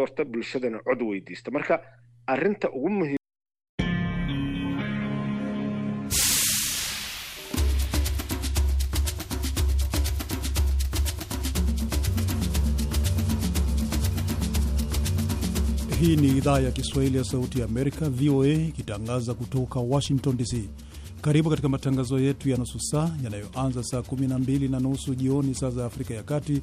doorta bulshadana cod weydiista marka arinta ugu muhiim Hii ni idhaa ya Kiswahili ya Sauti ya Amerika, VOA, ikitangaza kutoka Washington DC. Karibu katika matangazo yetu ya nusu saa yanayoanza saa 12 na nusu jioni saa za Afrika ya Kati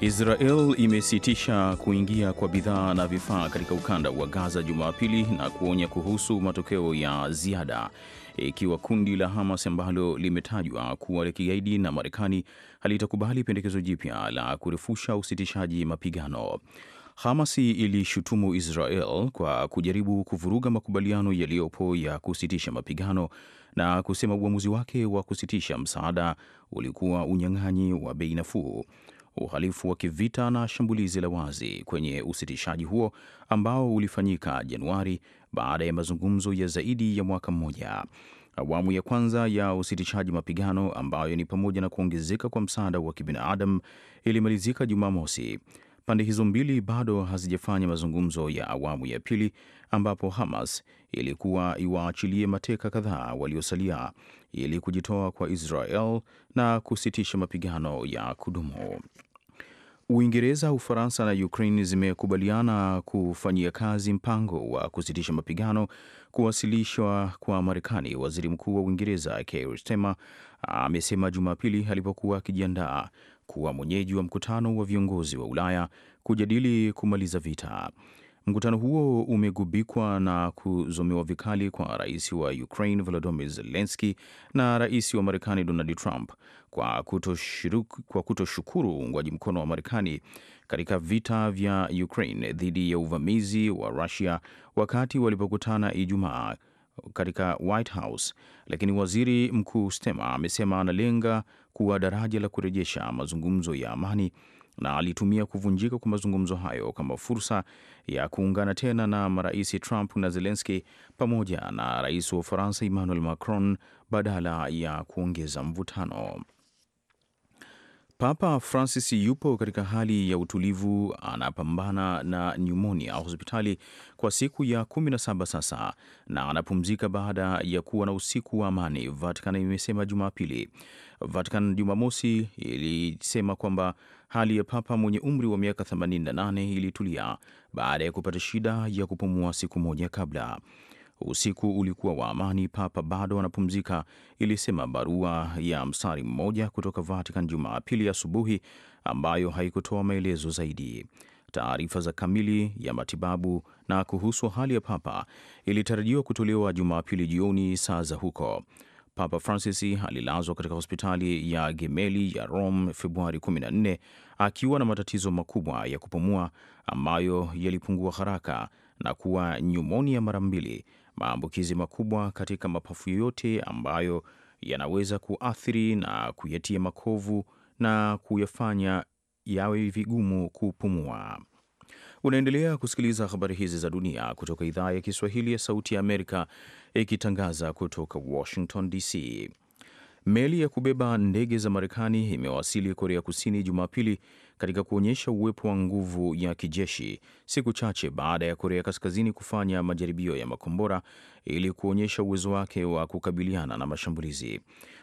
Israel imesitisha kuingia kwa bidhaa na vifaa katika ukanda wa Gaza Jumapili na kuonya kuhusu matokeo ya ziada ikiwa kundi la Hamas ambalo limetajwa kuwa la kigaidi na Marekani halitakubali pendekezo jipya la kurefusha usitishaji mapigano. Hamas ilishutumu Israel kwa kujaribu kuvuruga makubaliano yaliyopo ya kusitisha mapigano na kusema uamuzi wake wa kusitisha msaada ulikuwa unyang'anyi wa bei nafuu uhalifu wa kivita na shambulizi la wazi kwenye usitishaji huo ambao ulifanyika Januari baada ya mazungumzo ya zaidi ya mwaka mmoja. Awamu ya kwanza ya usitishaji mapigano ambayo ni pamoja na kuongezeka kwa msaada wa kibinadamu ilimalizika Jumamosi. Pande hizo mbili bado hazijafanya mazungumzo ya awamu ya pili ambapo Hamas ilikuwa iwaachilie mateka kadhaa waliosalia ili kujitoa kwa Israel na kusitisha mapigano ya kudumu. Uingereza, Ufaransa na Ukraine zimekubaliana kufanyia kazi mpango wa kusitisha mapigano kuwasilishwa kwa Marekani. Waziri Mkuu wa Uingereza Keir amesema Jumapili alipokuwa akijiandaa kuwa mwenyeji wa mkutano wa viongozi wa Ulaya kujadili kumaliza vita. Mkutano huo umegubikwa na kuzomewa vikali kwa rais wa Ukraine Volodymyr Zelensky na rais wa Marekani Donald Trump kwa kutoshukuru kuto uungwaji mkono wa Marekani katika vita vya Ukraine dhidi ya uvamizi wa Rusia wakati walipokutana Ijumaa katika White House, lakini waziri mkuu Stema amesema analenga kuwa daraja la kurejesha mazungumzo ya amani na alitumia kuvunjika kwa mazungumzo hayo kama fursa ya kuungana tena na marais Trump na Zelensky pamoja na rais wa Ufaransa Emmanuel Macron badala ya kuongeza mvutano. Papa Francis yupo katika hali ya utulivu, anapambana na nyumonia hospitali kwa siku ya 17 sasa na anapumzika baada ya kuwa na usiku wa amani, Vatican imesema Jumapili. Vatican Jumamosi ilisema kwamba hali ya papa mwenye umri wa miaka 88 ilitulia baada ya kupata shida ya kupumua siku moja kabla. Usiku ulikuwa wa amani, Papa bado anapumzika, ilisema barua ya mstari mmoja kutoka Vatican Jumapili asubuhi, ambayo haikutoa maelezo zaidi. Taarifa za kamili ya matibabu na kuhusu hali ya Papa ilitarajiwa kutolewa Jumapili jioni saa za huko. Papa Francis alilazwa katika hospitali ya Gemelli ya Rome Februari 14 akiwa na matatizo makubwa ya kupumua ambayo yalipungua haraka na kuwa nyumonia mara mbili maambukizi makubwa katika mapafu yoyote ambayo yanaweza kuathiri na kuyatia makovu na kuyafanya yawe vigumu kupumua. Unaendelea kusikiliza habari hizi za dunia kutoka idhaa ya Kiswahili ya Sauti ya Amerika, ikitangaza kutoka Washington DC. Meli ya kubeba ndege za Marekani imewasili Korea Kusini Jumapili katika kuonyesha uwepo wa nguvu ya kijeshi, siku chache baada ya Korea Kaskazini kufanya majaribio ya makombora ili kuonyesha uwezo wake wa kukabiliana na mashambulizi.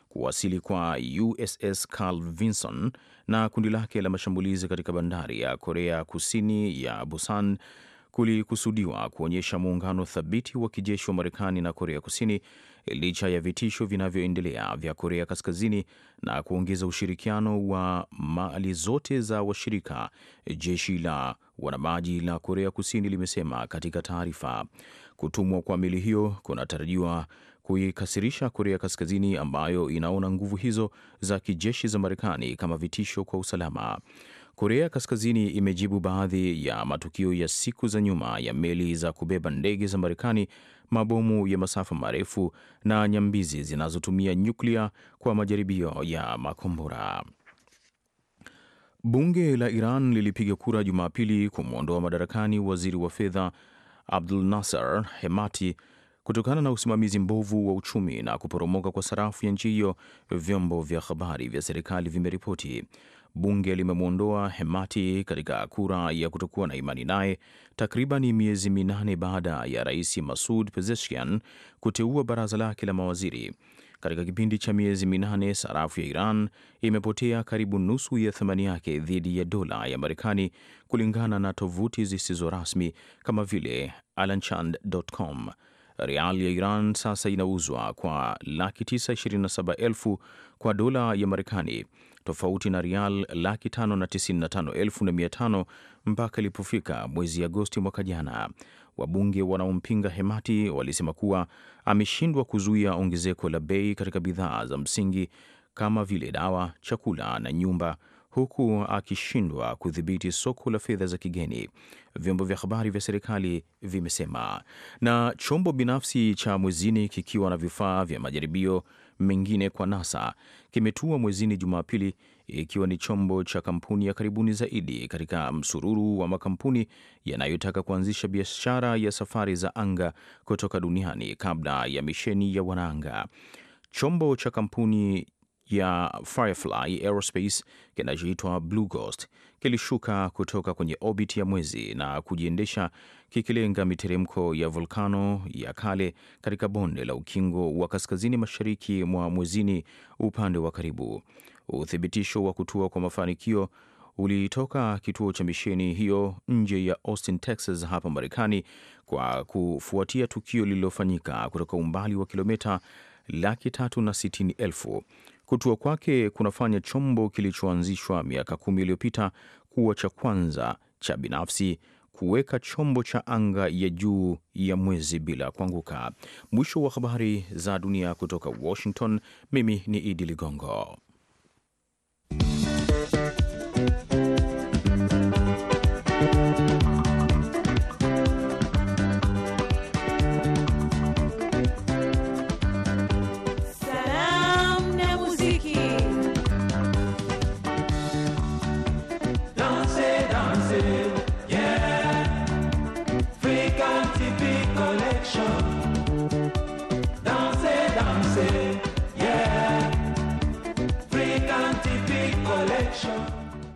Kuwasili kwa USS Carl Vinson na kundi lake la mashambulizi katika bandari ya Korea Kusini ya Busan kulikusudiwa kuonyesha muungano thabiti wa kijeshi wa Marekani na Korea Kusini licha ya vitisho vinavyoendelea vya Korea Kaskazini na kuongeza ushirikiano wa mali zote za washirika, jeshi la wanamaji la Korea Kusini limesema katika taarifa. Kutumwa kwa meli hiyo kunatarajiwa kuikasirisha Korea Kaskazini ambayo inaona nguvu hizo za kijeshi za Marekani kama vitisho kwa usalama. Korea Kaskazini imejibu baadhi ya matukio ya siku za nyuma ya meli za kubeba ndege za Marekani, mabomu ya masafa marefu na nyambizi zinazotumia nyuklia kwa majaribio ya makombora. Bunge la Iran lilipiga kura Jumapili kumwondoa madarakani waziri wa fedha Abdul Nasser Hemati kutokana na usimamizi mbovu wa uchumi na kuporomoka kwa sarafu ya nchi hiyo, vyombo vya habari vya serikali vimeripoti bunge limemwondoa Hemati katika kura ya kutokuwa na imani naye takriban miezi minane baada ya rais Masud Pezeshkian kuteua baraza lake la mawaziri. Katika kipindi cha miezi minane, sarafu ya Iran imepotea karibu nusu ya thamani yake dhidi ya dola ya Marekani, kulingana na tovuti zisizo rasmi kama vile alanchand.com. Rial ya Iran sasa inauzwa kwa laki 927 elfu kwa dola ya Marekani tofauti na rial laki tano na tisini na tano elfu na mia tano mpaka ilipofika mwezi Agosti mwaka jana. Wabunge wanaompinga Hemati walisema kuwa ameshindwa kuzuia ongezeko la bei katika bidhaa za msingi kama vile dawa, chakula na nyumba huku akishindwa kudhibiti soko la fedha za kigeni, vyombo vya habari vya serikali vimesema. Na chombo binafsi cha mwezini kikiwa na vifaa vya majaribio mengine kwa NASA kimetua mwezini Jumapili, ikiwa ni chombo cha kampuni ya karibuni zaidi katika msururu wa makampuni yanayotaka kuanzisha biashara ya safari za anga kutoka duniani kabla ya misheni ya wanaanga. Chombo cha kampuni ya Firefly Aerospace kinachoitwa Blue Ghost kilishuka kutoka kwenye orbit ya mwezi na kujiendesha kikilenga miteremko ya volkano ya kale katika bonde la ukingo wa kaskazini mashariki mwa mwezini upande wa karibu. Uthibitisho wa kutua kwa mafanikio ulitoka kituo cha misheni hiyo nje ya Austin, Texas hapa Marekani kwa kufuatia tukio lililofanyika kutoka umbali wa kilomita laki tatu na sitini elfu Kutua kwake kunafanya chombo kilichoanzishwa miaka kumi iliyopita kuwa cha kwanza cha binafsi kuweka chombo cha anga ya juu ya mwezi bila kuanguka. Mwisho wa habari za dunia kutoka Washington. Mimi ni Idi Ligongo.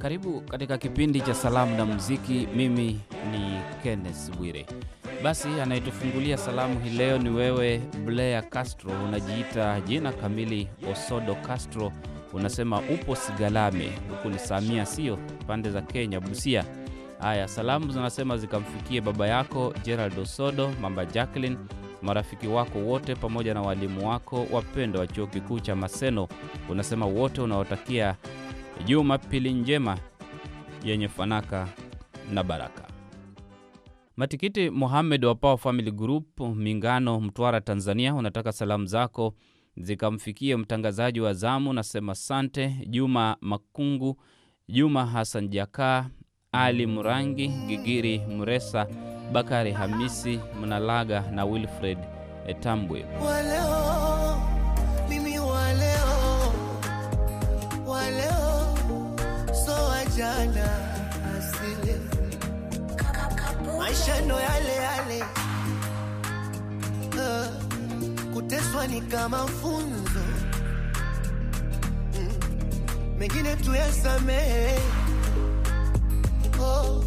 Karibu katika kipindi cha salamu na muziki. Mimi ni kennes Bwire. Basi anayetufungulia salamu hii leo ni wewe blea Castro, unajiita jina kamili Osodo Castro. Unasema upo Sigalame, huku ni Samia, sio pande za Kenya, Busia. Haya, salamu zinasema zikamfikie baba yako Gerald Osodo, mamba jacklin marafiki wako wote pamoja na walimu wako wapendo wa chuo kikuu cha Maseno. Unasema wote unaotakia Jumapili njema yenye fanaka na baraka. Matikiti Mohamed wa Power Family Group, Mingano, Mtwara, Tanzania, unataka salamu zako zikamfikie mtangazaji wa zamu. Nasema sante. Juma Makungu, Juma Hassan Jakaa, Ali Murangi, Gigiri Muresa, Bakari Hamisi Mnalaga na Wilfred Waleo. sana asile, maisha ndo yale yale. Uh, kuteswa ni kama funzo mm, mengine tuyasamehe. Oh,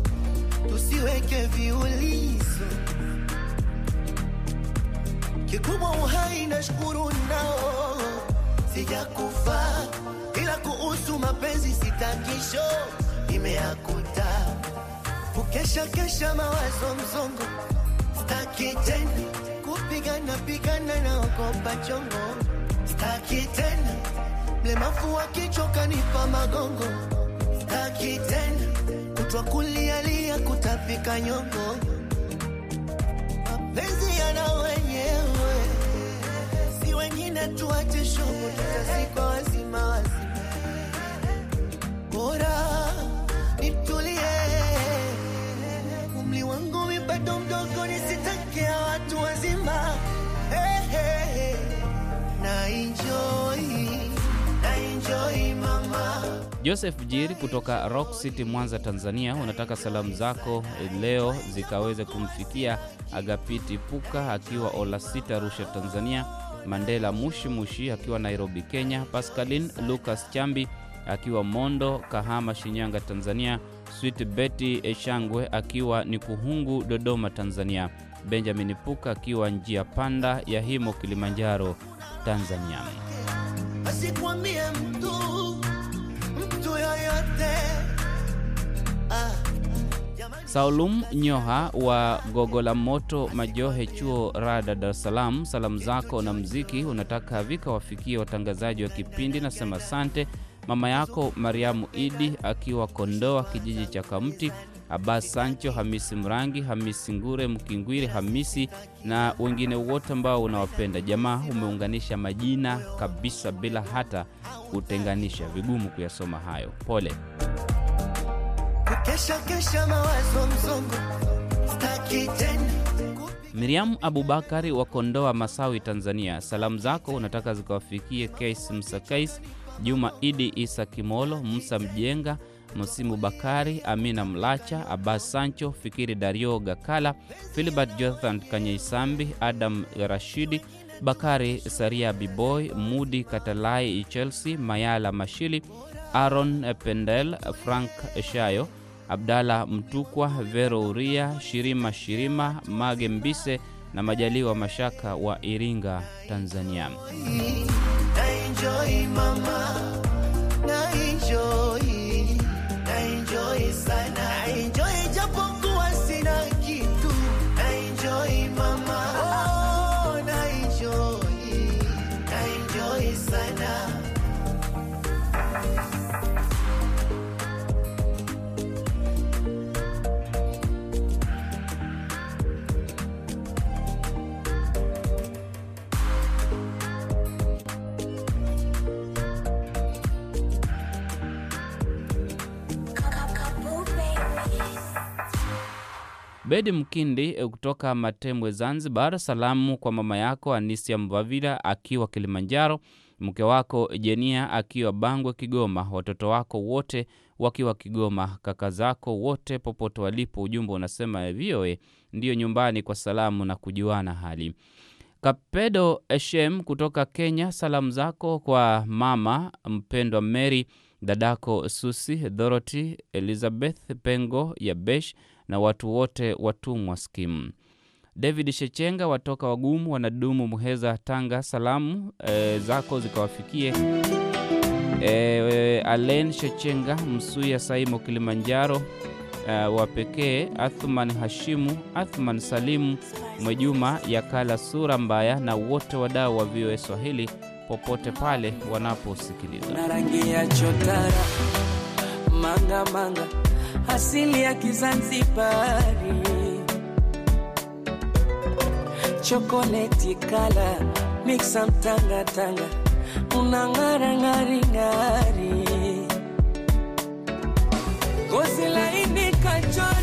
tusiweke viulizo kikubwa uhai na shukuru nao, sijakufa ila kuhusu mapenzi sitakisho imeakuta kukesha kesha mawazo mzongo staki tena kupigana pigana na okopa chongo, staki tena mlemafu wa kichwa kanipa magongo, staki tena kutwa kulialia kutapika nyongo, mapenzi yana wenyewe, si wengine tuache shughuli za siku wazima wazima bora Joseph Jiri kutoka Rock City, Mwanza, Tanzania, unataka salamu zako eh, leo zikaweze kumfikia Agapiti Puka akiwa olasit Arusha, Tanzania, Mandela Mushimushi akiwa Nairobi, Kenya, pascalin Lucas Chambi akiwa Mondo, Kahama, Shinyanga, Tanzania, Sweet Betty Eshangwe akiwa Nikuhungu, Dodoma, Tanzania, Benjamin Puka akiwa njia panda ya Himo, Kilimanjaro, Tanzania. Asikwambie mtu Ah. Saulum Nyoha wa Gogo la Moto, Majohe, Chuo Rada, Dar es Salaam, salamu zako na mziki unataka vika wafikie watangazaji wa kipindi. Nasema sante mama yako Mariamu Idi akiwa Kondoa, kijiji cha Kamti Abbas Sancho, Hamisi Mrangi, Hamisi Ngure, Mkingwiri Hamisi na wengine wote ambao unawapenda. Jamaa umeunganisha majina kabisa bila hata kutenganisha, vigumu kuyasoma hayo, pole. Kesha, kesha mawazo mzongo, staki tena. Miriam Abubakari wa Kondoa Masawi, Tanzania, salamu zako unataka zikawafikie Kais Msakais, Juma Idi Isa Kimolo, Musa Mjenga Musimu Bakari, Amina Mlacha, Abbas Sancho, Fikiri Dario Gakala, Filibert Jonathan Kanyeisambi, Adam Rashidi, Bakari Saria, Biboy Mudi Katalai, Chelsea Mayala Mashili, Aaron Pendel, Frank Shayo, Abdala Mtukwa, Vero Uria, Shirima Shirima, Mage Mbise na Majaliwa Mashaka wa Iringa, Tanzania. Bedi Mkindi eh, kutoka Matembwe, Zanzibar. Salamu kwa mama yako Anisia Mvavila akiwa Kilimanjaro, mke wako Jenia akiwa Bangwe Kigoma, watoto wako wote wakiwa Kigoma, kaka zako wote popote walipo. Ujumbe unasema VOA ndiyo nyumbani kwa salamu na kujuana hali. Kapedo Eshem kutoka Kenya, salamu zako kwa mama mpendwa Mary, dadako Susi, Dorothy, Elizabeth Pengo Yabesh na watu wote watumwa skimu. David Shechenga watoka wagumu wanadumu Muheza, Tanga. Salamu e, zako zikawafikie e, eh, e, Alen Shechenga Msuya Saimo Kilimanjaro e, wa pekee Athman Hashimu Athman Salimu Mwejuma Yakala Sura Mbaya na wote wadau wa VOA Swahili popote pale wanaposikiliza asili ya Kizanzibari, chokoleti kala miksa mtangatanga, unang'ara ng'aring'ari, ngozi laini kachora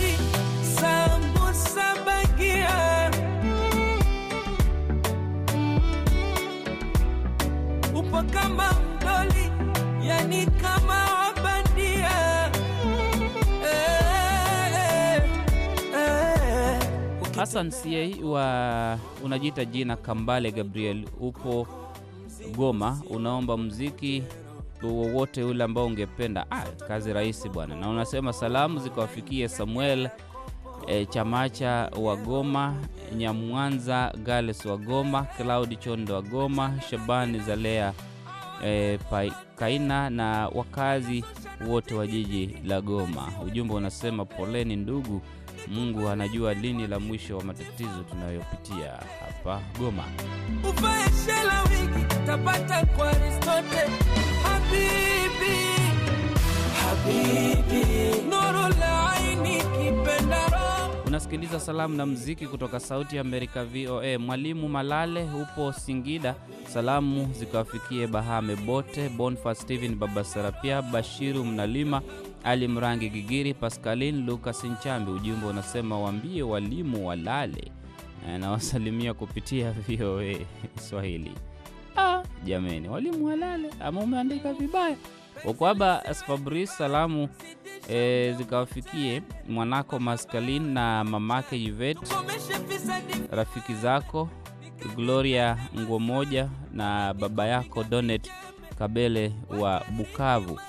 Hassan CA wa unajiita jina Kambale Gabriel, upo Goma, unaomba muziki wowote ule ambao ungependa. Ah, kazi rahisi bwana, na unasema salamu zikawafikie Samuel e, Chamacha wa Goma, Nyamwanza Gales wa Goma, Claudi Chondo wa Goma, Shabani Zalea e, eh, pai, Kaina na wakazi wote wa jiji la Goma. Ujumbe unasema poleni ndugu Mungu anajua lini la mwisho wa matatizo tunayopitia hapa Goma. kwa Aristote. Habibi, habibi, aini kipenda Unasikiliza salamu na mziki kutoka Sauti ya Amerika, VOA. Mwalimu Malale, upo Singida, salamu zikawafikie Bahame bote, Bonfa Steven, Baba Sarapia, Bashiru Mnalima, ali Mrangi Gigiri, Pascaline Lucas Nchambi. Ujumbe unasema waambie walimu walale, nawasalimia kupitia VOA Swahili. Ah, jameni, walimu walale, ama umeandika vibaya ukwaba. Fabrice, salamu e, zikawafikie mwanako Maskalin na mamake Yvette, rafiki zako Gloria Nguo moja na baba yako Donet Kabele wa Bukavu.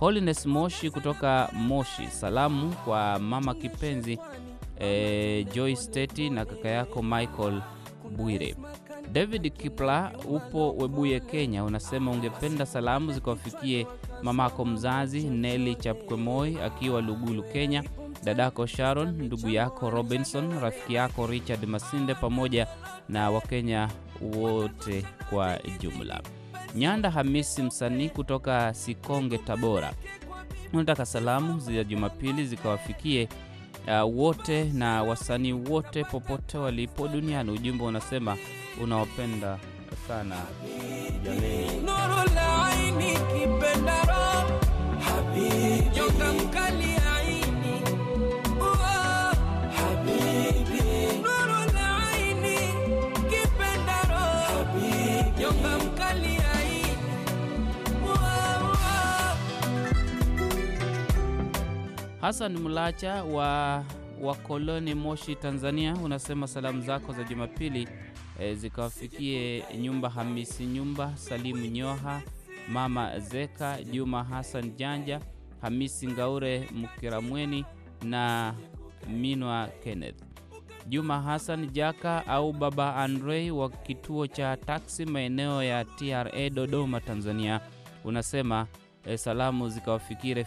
Holiness Moshi kutoka Moshi, salamu kwa mama kipenzi eh, Joy Steti na kaka yako Michael Bwire. David Kipla, upo Webuye, Kenya, unasema ungependa salamu zikawafikie mamako mzazi Neli Chapkwemoi akiwa Lugulu, Kenya, dadako Sharon, ndugu yako Robinson, rafiki yako Richard Masinde, pamoja na Wakenya wote kwa jumla. Nyanda Hamisi, msanii kutoka Sikonge, Tabora, nataka salamu za Jumapili zikawafikie uh, wote na wasanii wote popote walipo duniani. Ujumbe unasema unawapenda sana jamii. Hassan mulacha wa wakoloni Moshi, Tanzania, unasema salamu zako za Jumapili e, zikawafikie Nyumba Hamisi Nyumba, Salimu Nyoha, Mama Zeka, Juma Hassan Janja, Hamisi Ngaure Mkiramweni na Minwa Kenneth. Juma Hassan Jaka au Baba Andrei wa kituo cha taksi maeneo ya TRA Dodoma, Tanzania, unasema e, salamu zikawafikire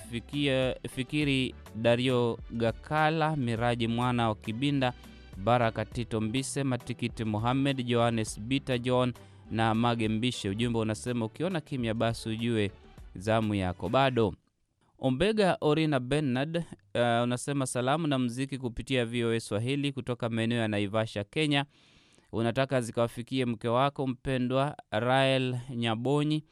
fikiri Dario Gakala, Miraji mwana wa Kibinda, Baraka Tito Mbise, Matikiti Mohamed, Johannes Bita John na Mage Mbishe. Ujumbe unasema ukiona kimya, basi ujue zamu yako bado. Ombega Orina Bernard uh, unasema salamu na mziki kupitia VOA Swahili kutoka maeneo ya Naivasha, Kenya. Unataka zikawafikie mke wako mpendwa Rael Nyabonyi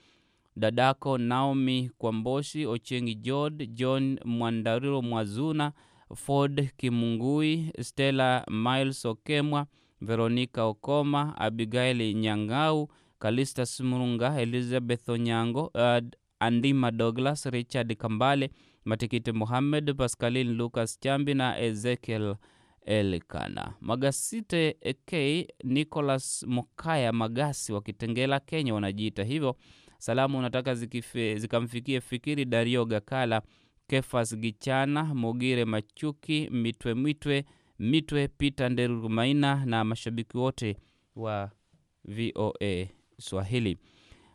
dadako Naomi Kwamboshi, Ochengi Jod, John Mwandariro Mwazuna, Ford Kimungui, Stella Miles Okemwa, Veronica Okoma, Abigail Nyang'au, Kalista Smurunga, Elizabeth Onyango, uh, Andima Douglas, Richard Kambale, Matikiti Mohamed, Pascalin Lucas Chambi na Ezekiel elkana Magasite K Nicholas Mokaya Magasi wa Kitengela, Kenya wanajiita hivyo Salamu unataka zikife, zikamfikie Fikiri Dario Gakala, Kefas Gichana, Mogire Machuki, Mitwe Mitwe Mitwe, Peter Nderumaina na mashabiki wote wa VOA Swahili.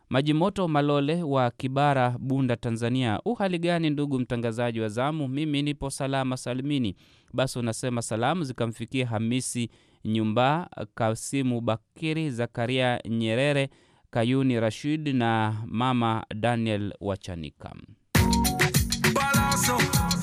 maji moto Malole wa Kibara, Bunda, Tanzania, uhali gani ndugu mtangazaji wa zamu? Mimi nipo salama salimini. Basi unasema salamu zikamfikia Hamisi Nyumba, Kasimu Bakiri, Zakaria Nyerere Kayuni Rashid na Mama Daniel Wachanika Balazo.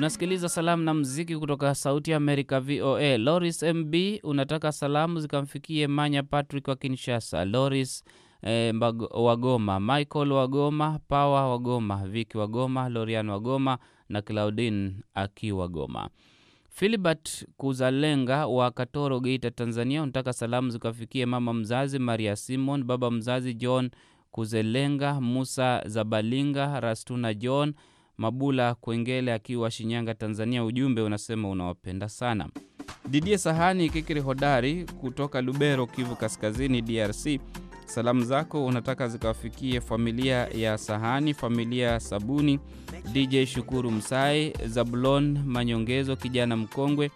Unasikiliza salamu na mziki kutoka Sauti ya Amerika, VOA. Loris MB unataka salamu zikamfikie Manya Patrick wa Kinshasa, Loris eh, Wagoma, Michael Wagoma, Power Wagoma, Viki Wagoma, Lorian Wagoma na claudin akiwa Goma. Filibert Kuzalenga wa Katoro, Geita, Tanzania, unataka salamu zikafikie mama mzazi Maria Simon, baba mzazi John Kuzelenga, Musa Zabalinga, Rastuna John Mabula Kwengele akiwa Shinyanga, Tanzania. Ujumbe unasema unawapenda sana. Didie Sahani Kikiri Hodari kutoka Lubero, Kivu Kaskazini, DRC. Salamu zako unataka zikawafikie familia ya Sahani, familia Sabuni, DJ Shukuru Msai, Zabulon Manyongezo, kijana mkongwe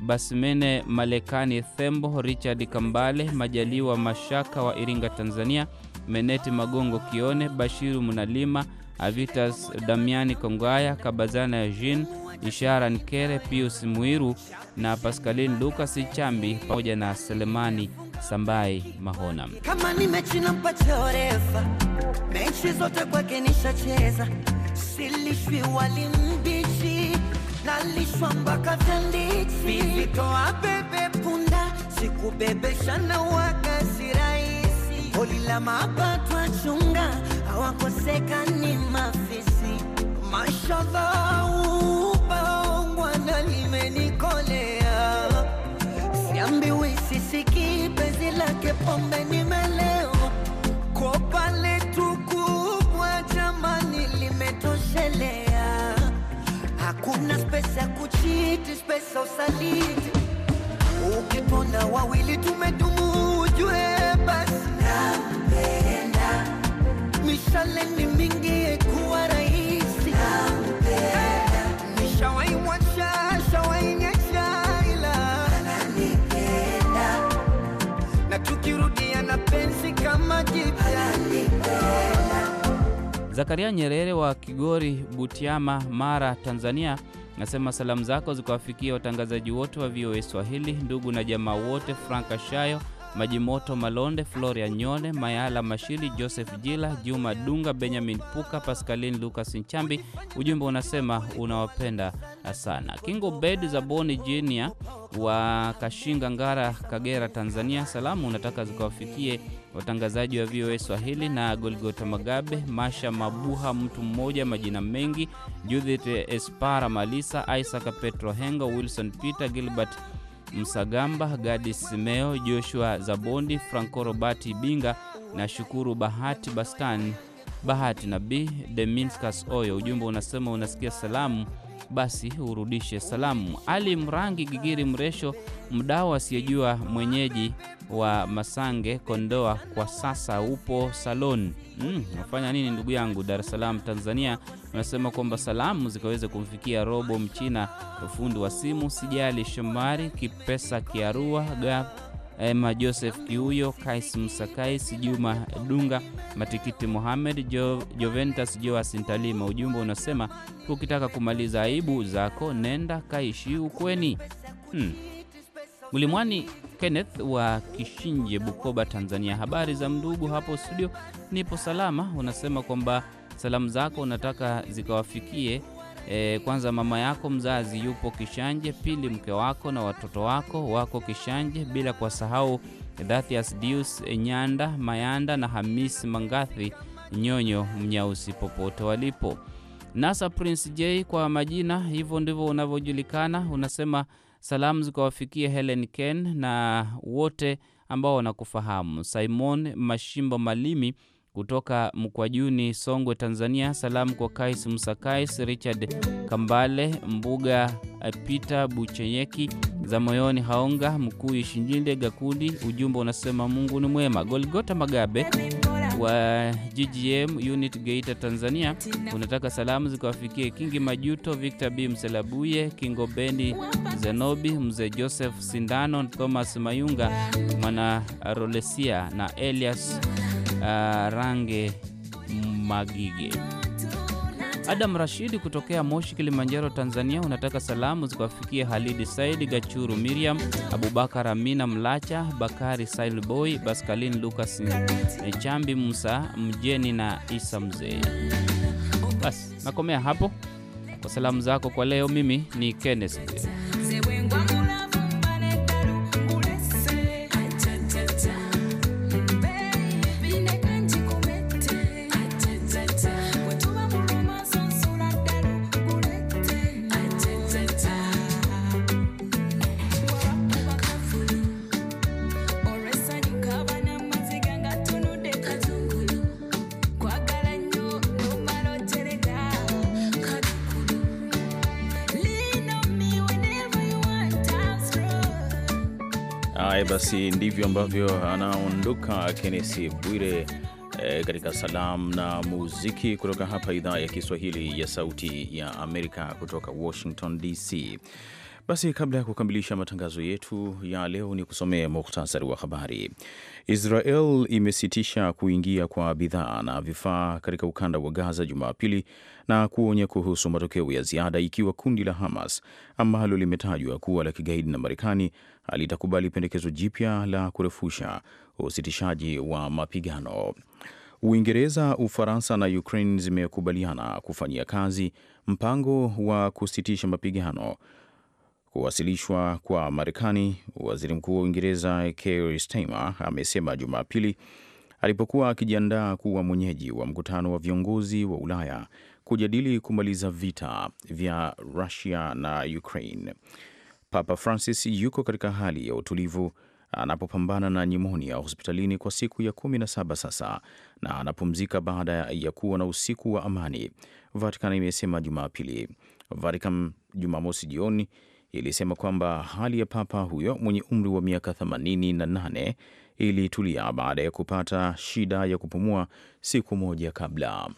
Basimene Malekani, Thembo Richard Kambale, Majaliwa Mashaka wa Iringa, Tanzania, Meneti Magongo Kione, Bashiru Munalima Avitas Damiani Kongwaya, Kabazana ya Jean, Ishara Nkere, Pius Mwiru na Pascaline Lucas Chambi pamoja na Selemani Sambai Mahona. Kama ni mechi nampatia refa, mechi zote kwake nishacheza, silishwi wali mbichi, nalishwa mpaka vyandichi, vivitoa bebe punda, sikubebesha na wagasi rahisi, holi la mapato achunga hawakosekani mafisi mashallahu, baongwana limenikolea, siambiwi sisiki penzi lake pombe nimelewa, kwa pale tu kubwa jamani limetoshelea, hakuna spesi ya kuchiti, spesi ya usaliti, ukipona wawili tumedumu ujue basi eh mishale ni mingi rahisi ila na tukirudia na penzi kama jipya Zakaria Nyerere wa Kigori, Butiama, Mara, Tanzania nasema salamu zako zikawafikia watangazaji wote wa VOA Swahili, ndugu na jamaa wote, Franka Shayo Majimoto Malonde, Floria Nyone, Mayala Mashili, Joseph Jila, Juma Dunga, Benjamin Puka, Pascaline Lucas Nchambi. Ujumbe unasema unawapenda sana. Kingo Bed Zaboni Junior wa Kashinga Ngara, Kagera, Tanzania. Salamu unataka zikawafikie watangazaji wa VOA Swahili na Golgota Magabe, Masha Mabuha, mtu mmoja majina mengi, Judith Espara Malisa, Isaac Petro Hengo, Wilson Peter, Gilbert Msagamba, Gadi Simeo, Joshua Zabondi, Franco Robati Binga na Shukuru Bahati Bastani Bahati nabi Deminskas Oyo. Ujumbe unasema unasikia salamu basi urudishe salamu. Ali Mrangi Gigiri Mresho mdau asiyejua mwenyeji wa Masange Kondoa, kwa sasa upo salon. Mm, nini ndugu yangu Dar es Salaam Tanzania? Unasema kwamba salamu zikaweze kumfikia Robo Mchina, ufundi wa simu, Sijali Shomari Kipesa Kiarua Gap Emma Joseph Kiuyo, Kais Msakais, Juma Dunga, Matikiti Mohamed, jo, Joventus Joas Ntalima. Ujumbe unasema ukitaka kumaliza aibu zako nenda kaishi ukweni. Hmm. Mlimwani Kenneth wa Kishinje, Bukoba, Tanzania. Habari za mdugu hapo studio? Nipo salama. Unasema kwamba salamu zako unataka zikawafikie e, kwanza mama yako mzazi yupo Kishanje, pili mke wako na watoto wako wako Kishanje, bila kuwasahau Dhathias Dius Nyanda Mayanda na Hamis Mangathi Nyonyo Mnyausi popote walipo. Nasa Prince J kwa majina, hivyo ndivyo unavyojulikana. Unasema salamu zikawafikie Helen Ken na wote ambao wanakufahamu, Simon Mashimbo Malimi kutoka Mkwajuni, Songwe, Tanzania. Salamu kwa Kais Msakais, Richard Kambale, Mbuga eh, Peter Bucheyeki, za moyoni Haonga Mkuu, Shinjinde Gakundi. Ujumbe unasema Mungu ni mwema. Golgota Magabe wa GGM unit Geita, Tanzania, unataka salamu zikawafikie Kingi Majuto, Victor B Mselabuye, Kingo Beni, Zenobi Mzee Joseph Sindano, Thomas Mayunga, Mwana Rolesia na Elias uh, Range Magige. Adam Rashidi kutokea Moshi, Kilimanjaro, Tanzania, unataka salamu zikawafikia Halidi Saidi, Gachuru Miriam, Abubakar Amina Mlacha, Bakari Sailboy, Baskalin Lukas eh, Chambi, Musa Mjeni na Isa Mzee. Basi nakomea hapo kwa salamu zako kwa leo. Mimi ni Kenneth basi ndivyo ambavyo anaondoka kenesi Bwire e, katika salamu na muziki kutoka hapa idhaa ya Kiswahili ya Sauti ya Amerika kutoka Washington DC. Basi kabla ya kukamilisha matangazo yetu ya leo, ni kusomea muhtasari wa habari. Israel imesitisha kuingia kwa bidhaa na vifaa katika ukanda wa Gaza Jumapili na kuonya kuhusu matokeo ya ziada ikiwa kundi la Hamas ambalo limetajwa kuwa la kigaidi na Marekani alitakubali pendekezo jipya la kurefusha usitishaji wa mapigano. Uingereza, Ufaransa na Ukraine zimekubaliana kufanyia kazi mpango wa kusitisha mapigano kuwasilishwa kwa Marekani. Waziri Mkuu wa Uingereza Keir Starmer amesema Jumapili alipokuwa akijiandaa kuwa mwenyeji wa mkutano wa viongozi wa Ulaya kujadili kumaliza vita vya Rusia na Ukraine. Papa Francis yuko katika hali ya utulivu anapopambana na nyumonia hospitalini kwa siku ya 17 sasa na anapumzika baada ya kuwa na usiku wa amani, Vatican imesema Jumapili. Vatican Jumamosi jioni ilisema kwamba hali ya papa huyo mwenye umri wa miaka 88 ilitulia baada ya kupata shida ya kupumua siku moja kabla.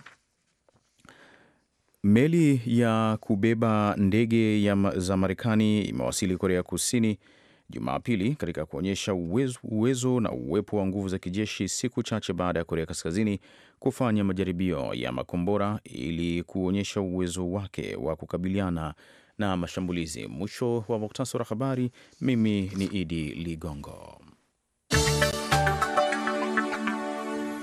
Meli ya kubeba ndege za Marekani imewasili Korea Kusini Jumapili katika kuonyesha uwezo, uwezo na uwepo wa nguvu za kijeshi, siku chache baada ya Korea Kaskazini kufanya majaribio ya makombora ili kuonyesha uwezo wake wa kukabiliana na mashambulizi. Mwisho wa muktasari wa habari. Mimi ni Idi Ligongo.